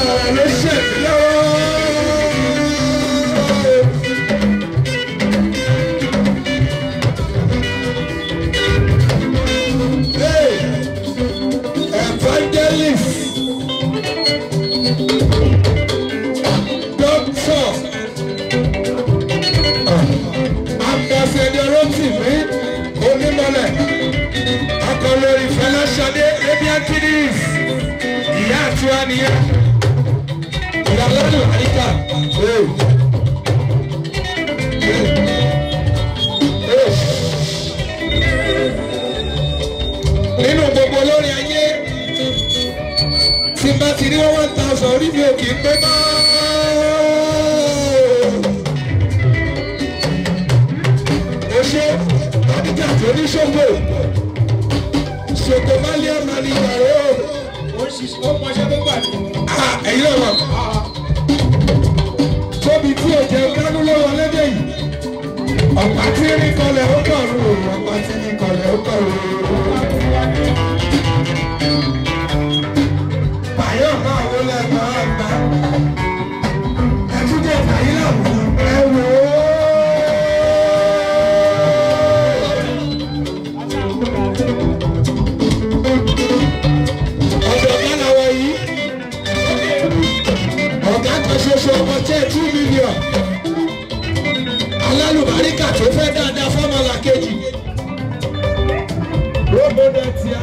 ọba ló ṣèlú lọ́wọ́. Akọlórí Fẹlá Ṣadé Arabian Kiddies ìyá àti wa nìyẹn. nínú gbogbo olórin ayé tí bá ti rí one thousand orí mi ò kì í pé mọ́. oṣó dókítà tó ní ṣògbò ṣògbò málíà máa ní ìyàrá o. ó ṣiṣẹ́ ó mọṣẹ́ tó gbà ní. Ah, ẹ̀yin náà wọ̀. tóbi tí ò jẹun kánú ló wọlé dé yìí ọ̀pá tí ń rí kọlẹ̀ ó kọ̀ ọ́rùn ọ̀pá tí ń kọ̀lẹ́ ó kọ̀wé. Bàyọ̀ máa wo lẹ́gbọ̀n àgbà. Ẹtúndé Bàyí làwọn ẹ wò ó. Ọ̀jọ̀gbọ́n làwọn yìí. Ọ̀gá kan ṣoṣo ọmọ tẹ́ two million. Alálùbáríkà tó fẹ́ dáadáa.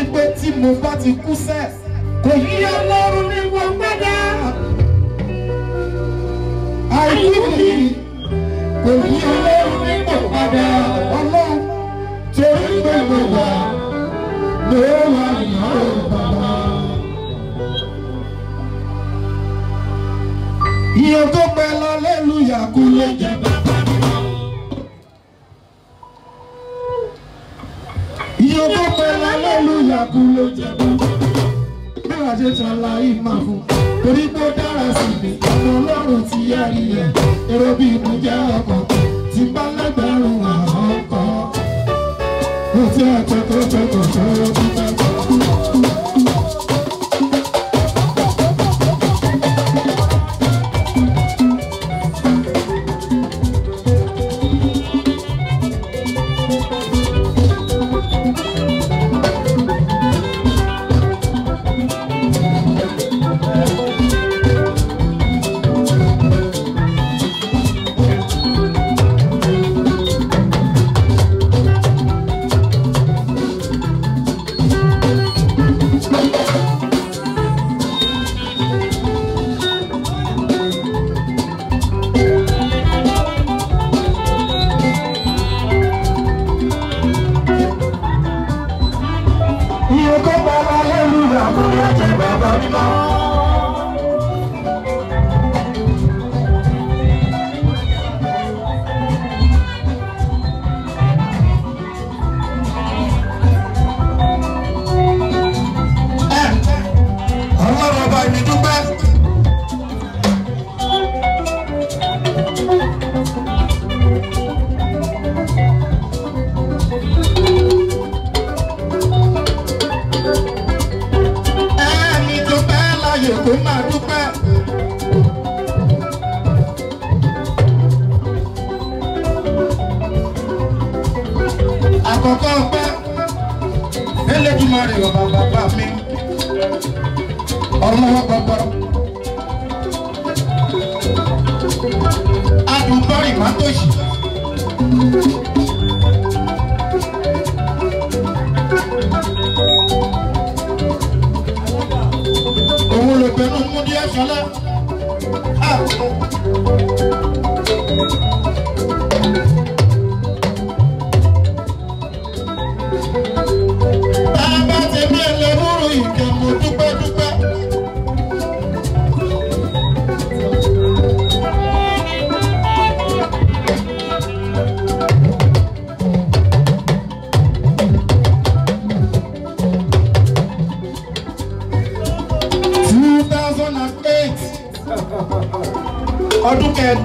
mi pé tí mo bá ti kú sẹ́ kò yí ọlọ́run ní mo gbẹ́dá. àìkú mi kò yí ọlọ́run ní mo padà ọlọ́run torí pé mo wà ló wà ìyàwó bàbá. iye tó pẹ́ lọ lẹ́lúyà kú ló jẹ́. sọ tó pẹ́ lálẹ́lúyà kú ló jẹ́ bọ́. Bí wàá ṣe tán la yìí máa fún. Torí pé ó dára sí mi, ọmọ ọlọ́run ti yá rí ẹ̀. Èrò bí mo jẹ́ ọkọ̀, ti bá lágbàrún àwọn ọkọ̀. Mo ti ẹ̀kọ́ tó fẹ́ kọ̀ọ̀kan ó bí bá.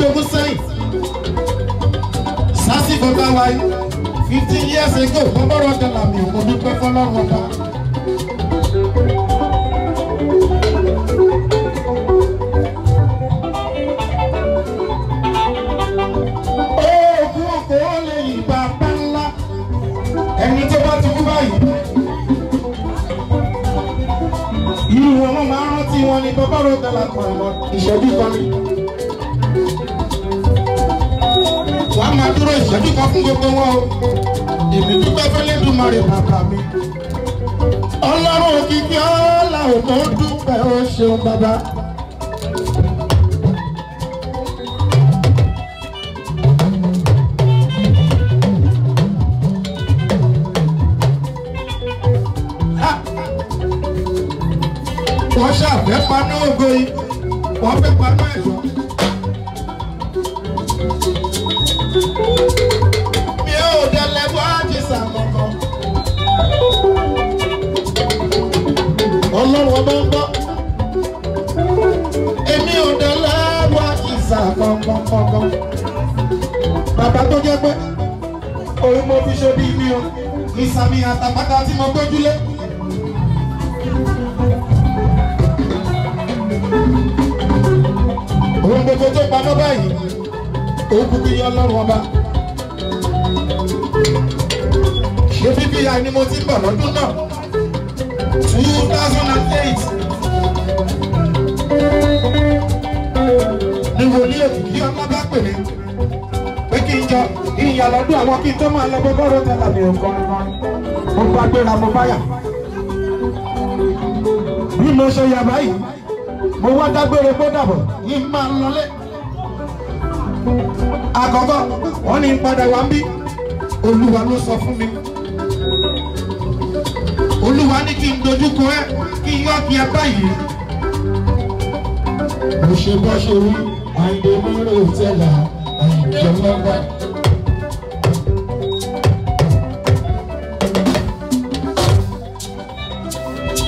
ogún sẹ́yìn sásìkò táwa yìí fifteen years ago wọ́n bọ̀rọ̀ dọ̀là mi ò mo dúpẹ́ fọlọ́run ọba. irú wọn máa ń rántí wọn ní bọ́bọ́rọ̀ dọ̀là kan ìṣẹ́jú kan. dúró ìṣẹ́jú kan fún gbogbo wọn o èmi dúpẹ́ fẹ́lẹ́dùmarè bàbá mi ọlọ́run òkìkí ọ̀la òkò dúpẹ́ ó ṣeun bàbá. wọ́n ṣàfẹ́ paná ògo yìí wọ́n fẹ́ paná ẹ̀ṣọ́. ọlọ́run ọba ń gbọ́. èmi ò dé láwà ìsà kankankankan. bàbá tó jẹ́ pé orí mo fi ṣe bí mi o ìsàmì àtàpátá tí mo gbójúlé. ohun gbogbo tó pamọ́ báyìí òun kúkú yọ ọlọ́run ọba. ṣé bíbí ya ni mo ti bọ̀ lọ́dún náà. 2008 ni wòlíì òkìkí ọlá bá pè mí pé kí n jọ ìyà lọ́dún àwọn kí n tó máa lọ bó bọ́rọ̀ tẹ́lá mi ò kọrin kọrin mo bá gbéra mo bá yà bí mo ṣe yà báyìí mo wá dágbére kó dàbọ̀ yìí máa ń lọlé àkọ́kọ́ wọ́n ní padà wá ń bí olúwa ló sọ fún mi olúwa ní kí n dojúkọ ẹ kí n yọ kí ẹ báyìí. mo ṣe bó ṣe wí àìdè mọ́rò tẹ́lá àìdè mọ́gbà.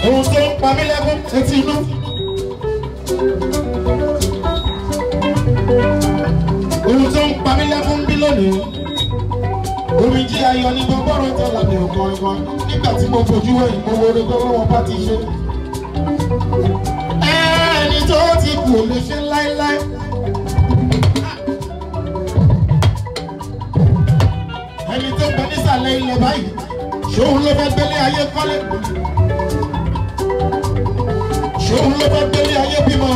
ohun tó ń pa mí lẹ́kún etí inú. ohun tó ń pa mí lẹ́kún bí lónìí omi jí ayọ̀ ní gbogbo ọ̀rọ̀ tó làbẹ ọkọ ẹ̀kọ́ nígbà tí mo fojú ẹ̀yìn mo wo orin gbogbo wọn bá ti ṣe. ẹni tó ti kù ò lè ṣe láéláé. ẹni tó gbẹ nísàlẹ̀ ilẹ̀ báyìí ṣòun ló fẹ́ gbélé ayé kọ́lé. ṣòun ló fẹ́ gbélé ayé bímọ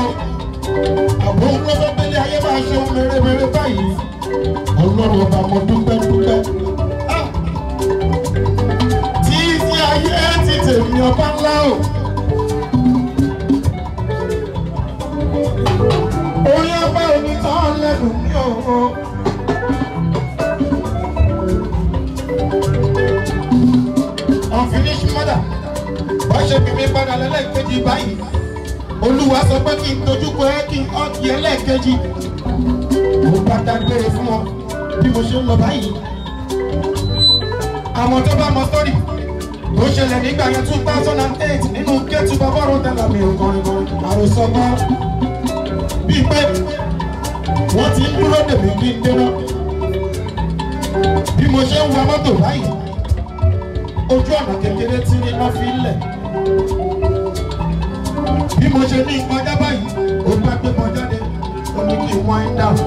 àbòun ló fẹ́ gbélé ayé máa ṣe ohun mèremère báyìí ọlọ́run ọba mo dúpẹ́ dúpẹ́. tèmi ọba ńlá o. orí ọba onítàn lẹ́nu mi ò. unfinished mother wọ́n ṣe bí mi padà lẹ́lẹ́kejì báyìí olúwa sọ pé kí mo bá dágbére fún ọ bí mo ṣe ń àwọn tó bá mọ sọ́rí tó ṣẹlẹ̀ nígbà yẹn two thousand and eight nínú kẹ́tù bàbáro tẹ̀lé mi ò kọrin kọrin àròsọ gan bíi pé wọ́n ti ń dúró dèmí kí n dé náà bí mo ṣe ń wa mọ́tò báyìí ojú ọ̀nà kékeré tí iná fi ń lẹ̀ bí mo ṣe ní ìkọjá báyìí ó bá gbé mọ jáde ó ní kí wind down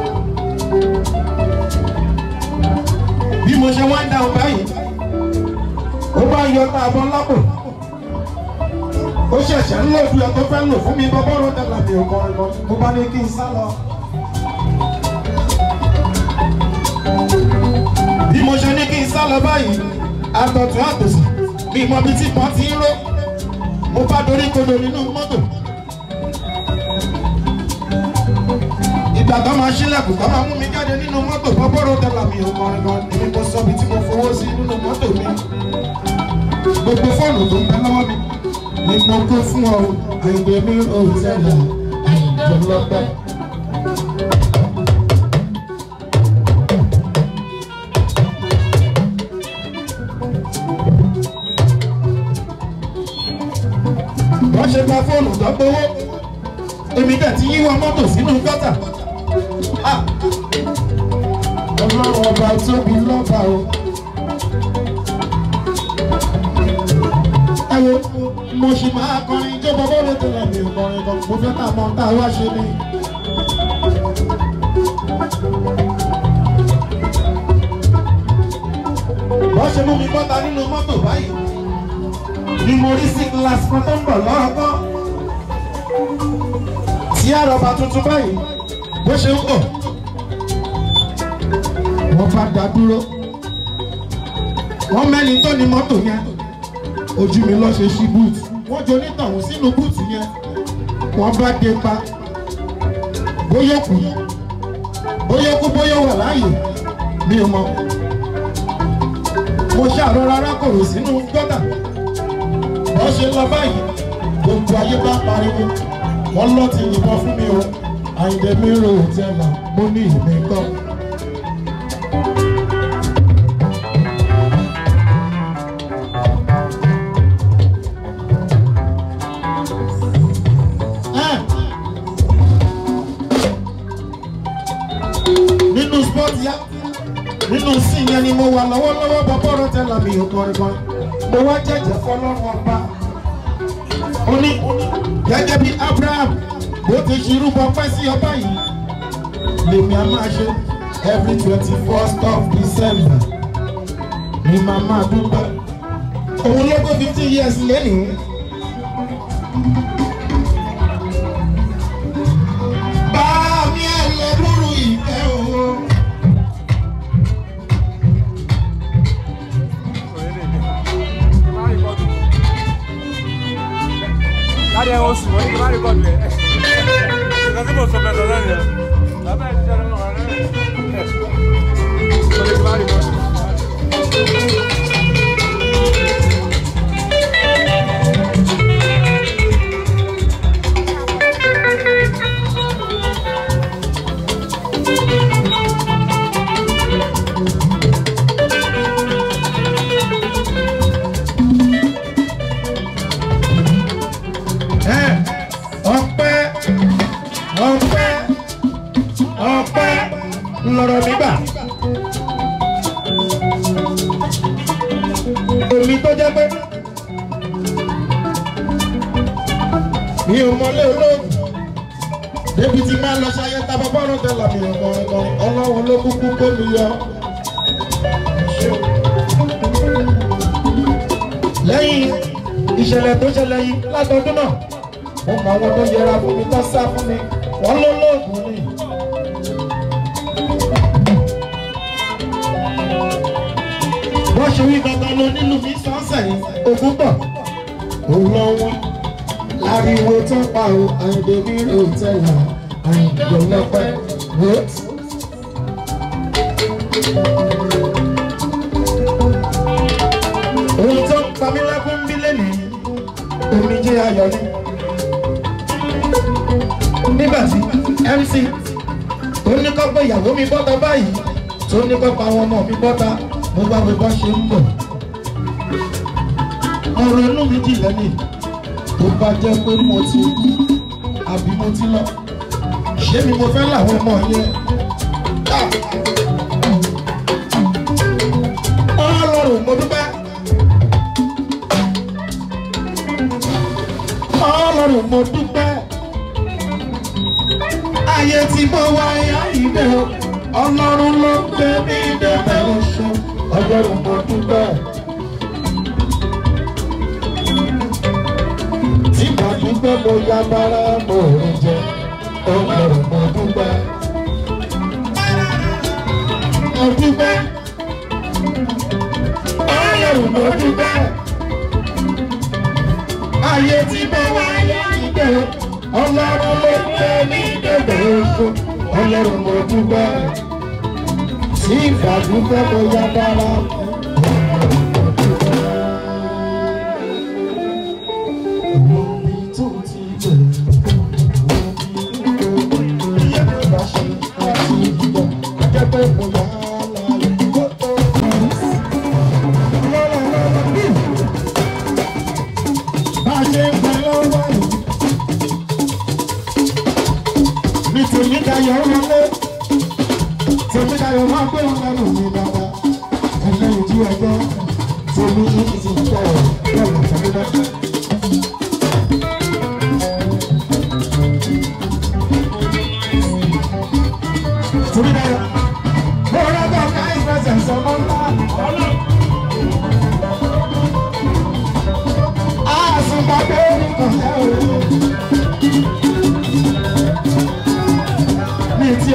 bí mo ṣe wind down báyìí yọ tá a lápò ó ṣẹ̀ṣẹ̀ ń lòdù ẹ̀ tó fẹ́ lò fún mi bọ́bọ́ ló mi ò kọrin lọ mo bá ní kí n sá lọ. bí mo ṣe ní kí n sá lọ báyìí àtọ̀tún àtòsí mi mọ bí tí kan ti ń ró mo bá dorí kodò nínú mọ́tò. ìgbà tó máa ṣílẹ̀kùn tó máa mú mi jáde nínú mọ́tò bọ́bọ́ ló mi ò kọrin lọ èmi mo sọ bí tí mo fowó sí nínú mọ́tò mi gbogbo fóònù tó ń bẹ lọ́wọ́ mi ni mo kó fún ọ àyìnbó mi ò tẹ̀lé àyìnbó lọ́pẹ́. wọ́n ṣe gba fóònù tó èmi dẹ̀ ti yíwọ́ mọ́tò sínú gọ́tà. Ah! ọlọ́run ọba tóbi lọ́ba o. Ayo, wo mo sì máa kọrin tó bọ́ bọ́ọ̀lù tó rẹ̀ mi ò kọrin kan mo fẹ́ ká mọ tá a ṣe ni. wọ́n ṣe mú mi bọ́ta nínú mọ́tò báyìí ni mo rí sí kíláàsì kan tó ń bọ̀ lọ́kọ́ tí àrọ̀bà tuntun báyìí bó ṣe ń kọ̀ wọ́n bá dá dúró wọ́n mẹ́ni tó ní mọ́tò yẹn ojú mi lọ ṣe ṣí búùtù wọ́n jọ onítàwọn sínú búùtù yẹn wọ́n bá dé pa bóyá kù bóyá kú bóyá wà láàyè mi ò mọ mo ṣàrọra rákòrò sínú gọ́tà bó ṣe lọ báyìí gbogbo ayé bá pariwo wọ́n lọ ti yìnbọn fún mi o Àyìndé mi rò mo ní ìmí kan. ayọ̀ ni mo wà lọ́wọ́lọ́wọ́ bọ́bọ́rọ́ tẹ́lá mi ò kọrin mo wá jẹ́jẹ́ fọlọ́run ọba ó ní gẹ́gẹ́ bí Abraham bó ti ṣirú bọ́pẹ́ sí ọba yìí lèmi a máa ṣe every twenty first of December ni màá máa dúpẹ́ òun ló gbé fifteen years lẹ́nu. Δεν κόντρη. Θα δούμε δεν είναι. yìí látọdún náà mo mọ àwọn tó yẹra fún mi tó sá fún mi wọ́n ló lóògùn ni. wọ́n ṣe wí gangan lọ nínú mi sọ́ọ̀sẹ̀ yìí ogún pọ̀ òun lọ tó pa o àìdè mi rè tẹ̀lá àìdè lọ́pẹ́ wọ́n ṣe nígbà tí MC tó ní kọ́ pé ìyàwó mi bọ́ta báyìí tó ní kọ́ pa àwọn ọmọ mi bọ́ta mo bá wo bá ṣe ń bọ̀ ọ̀rọ̀ inú mi jìnlẹ̀ ni tó bá jẹ́ pé mo ti àbí mo ti lọ ṣé mi mo fẹ́ làwọn ọmọ yẹn. it.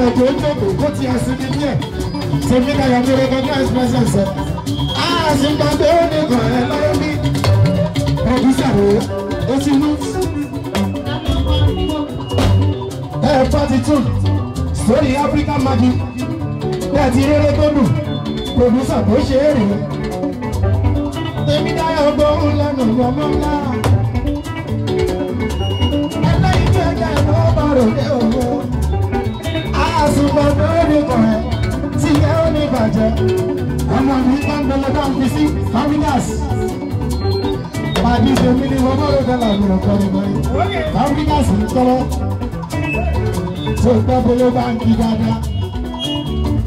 ẹ̀ tó ń jókòó kó ti àsinmi díẹ̀ sèmi náà presence ẹ̀ àṣìgbà tó ní kàn ẹ́ lọ́wọ́ bí producer rẹ̀ ó ti wú. ẹ Magic bẹ́ẹ̀ ti rere tó producer bó ṣe é rèé. èmi náà yà gbóhùn lẹ́nu ìyọmọ́ ńlá. ẹlẹ́yin tó ẹ̀ka ẹ̀ àsùnpọ̀ lórí kọ̀rẹ́ tí ẹ ó ní ìbàjẹ́ ọmọ mi bá ń gbẹlẹ bá ń fi sí faminas pàdé ìṣèlú ni wọn bá ló dá làwọn ọkọ ní bọ́lí faminas ń tọrọ tó gbọ́ bolo bá ń kí dáadáa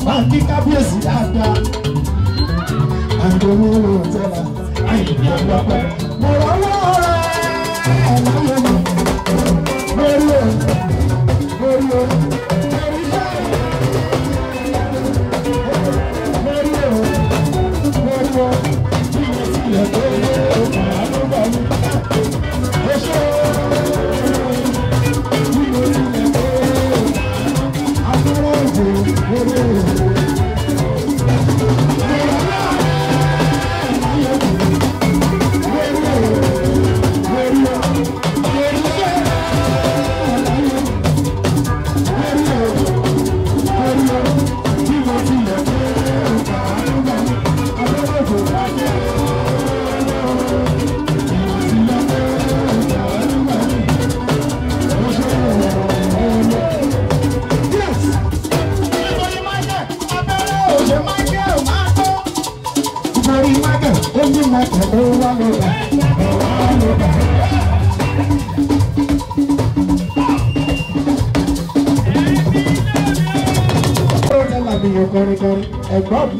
bá ń kí kábíyèsí dáadáa àgbẹ̀wò ìròyìn tẹ́lá àyè ìjọba pẹ́ mo rọ́wọ́ rẹ̀ ẹ̀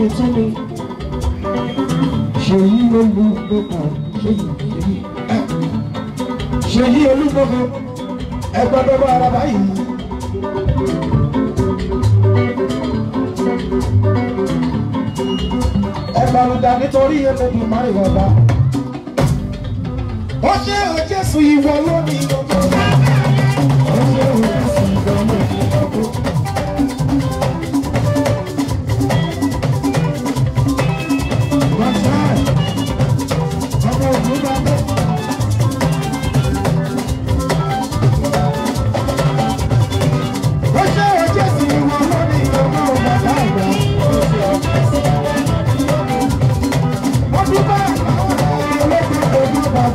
mo sẹ́ni ṣèyí olúmọ̀kan ṣèyí olúmọ̀kan ẹgbàdọ́gbà ara báyìí. ẹgbàlùdà nítorí ẹlẹ́dùn máa ìwà bá. ó ṣe ó Jésù ìwọ lónìí lọ́jọ́ ó ṣe ó Jésù ìwọ lónìí lọ́jọ́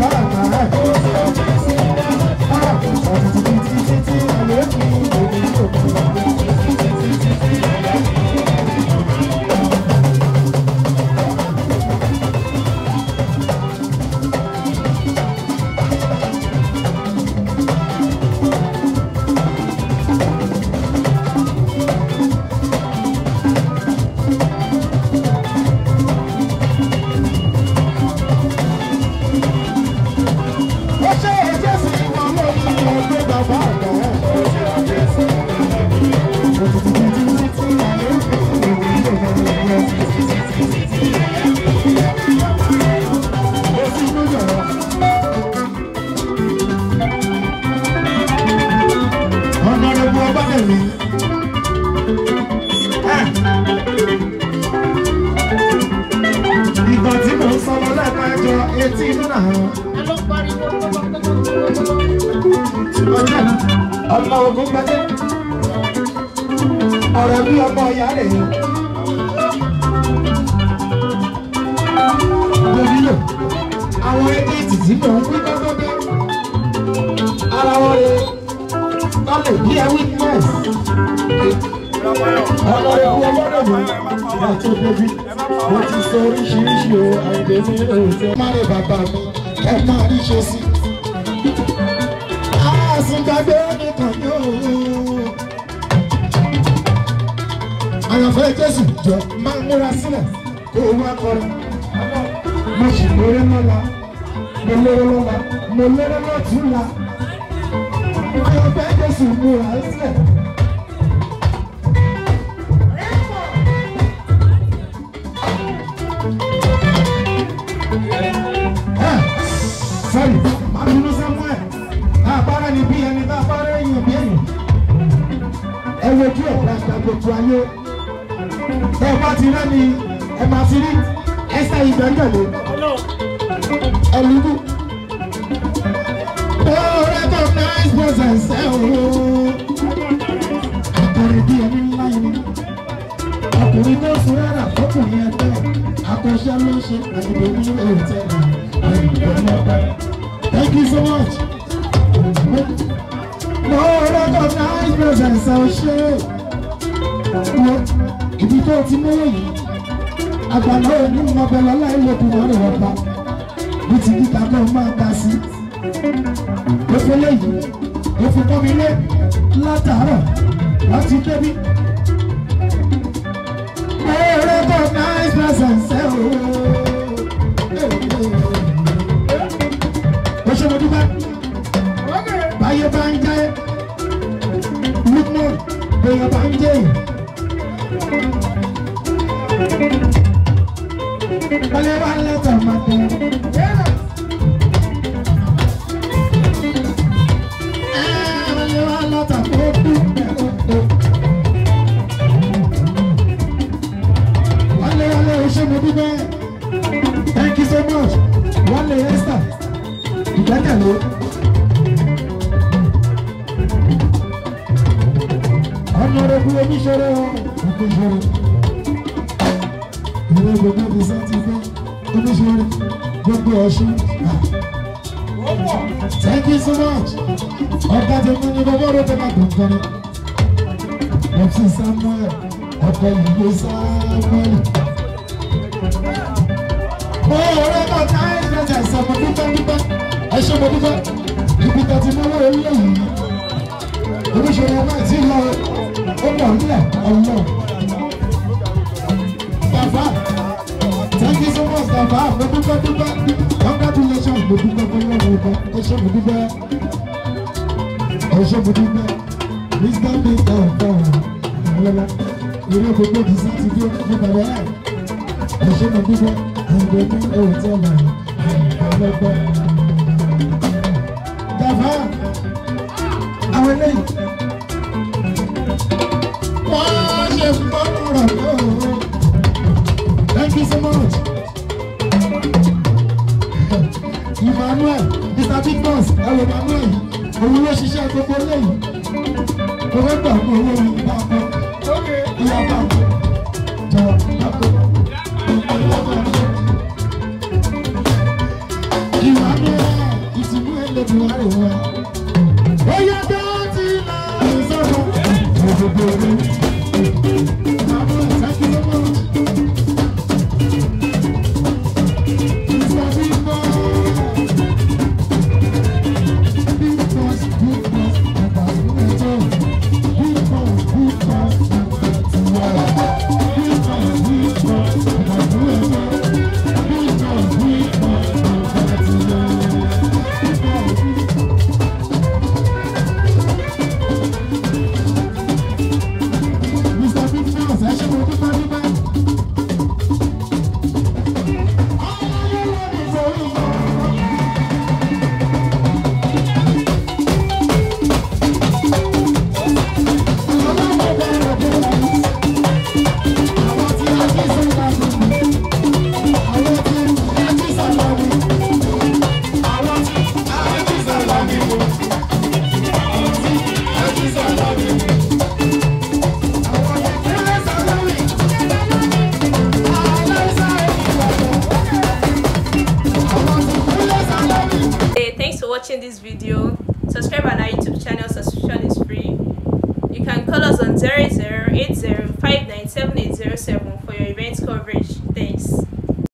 Bye-bye. ọmọ ogun gbadé ọ̀rọ̀ bí ọmọ ìyá rẹ̀ yìí. mo nílò àwọn ẹgbẹ́ títí mò ń wí gbọ́gbọ́gbẹ́ ara wọn rè lọ́lẹ̀ bí ẹ witness ọmọ ẹgbẹ́ ọmọdé mi ìgbà tó débi mo ti sọ oríṣiríṣi o àìdè mi ò fẹ́ má lè bàbá mi ẹ máa rí ṣe sí. àsìgbàgbé nìkan yóò. àyànfẹ́ jésù jọ máa múra sílẹ̀ kó o wá kọrin. mo sì lórí lọ́la mo lórí lọ́la mo lórí lọ́tún la. àyànfẹ́ jésù múra sílẹ̀. wo díẹ̀ gbàgbàgbòtò ayé ẹ bá ti rẹ́ ni ẹ máa ti rí ẹsẹ̀ ìgbẹ́ngẹ̀lé ẹ̀lúdú. ó recognize process ẹ̀ ooo akọrin bíi ẹni ńlá yìí ọkùnrin tó sùn rárá fọkùnrin ẹgbẹ́ akọ́ṣẹ́ ló ṣe àdìgbò ní òòtẹ́ẹ̀lì ẹ̀yìn ìgbẹ́ náà thank you so much mo recognize presence ọṣẹ ibi tó ti mú èyí àgbàlá òní mọbẹ lọlá ìlòkùn mọ rẹ ọba bí ti kíta náà máa ta sí òfélé yìí ó fi pọ́n mi lé látàárọ̀ láti débí mo recognize presence ẹ ooo. báyé bá ń jẹ́ lukman bẹ̀yẹ̀ bá ń jẹ́ balẹ̀ ìṣẹ̀lẹ̀ máa ti lọ ó bọ̀ nílẹ̀ ọ̀lọ́. Bàbá thank you so much bàbá mo dúpẹ́ dúpẹ́ congratulations mo dúpẹ́ fọlọ́run ọba ẹ ṣé mo dúpẹ́ ẹ ṣé mo dúpẹ́ Mr. big ọ̀fọ̀ ọ̀lọ́lá eré gbogbo ti sá ti dé ní bàbá rẹ̀ ẹ ṣé mo dúpẹ́ ẹ̀ǹdẹ̀ ní ẹ̀wọ̀n tí a là ọ̀lọ́gbọ́n. Bàbá àwọn eléyìí. Bones. Emmanuel Mr Big Bones Hello, Emmanuel òun ló ṣiṣẹ́ gbogbo lẹ́yìn. Mo fẹ́ gbà fún owó mi bá a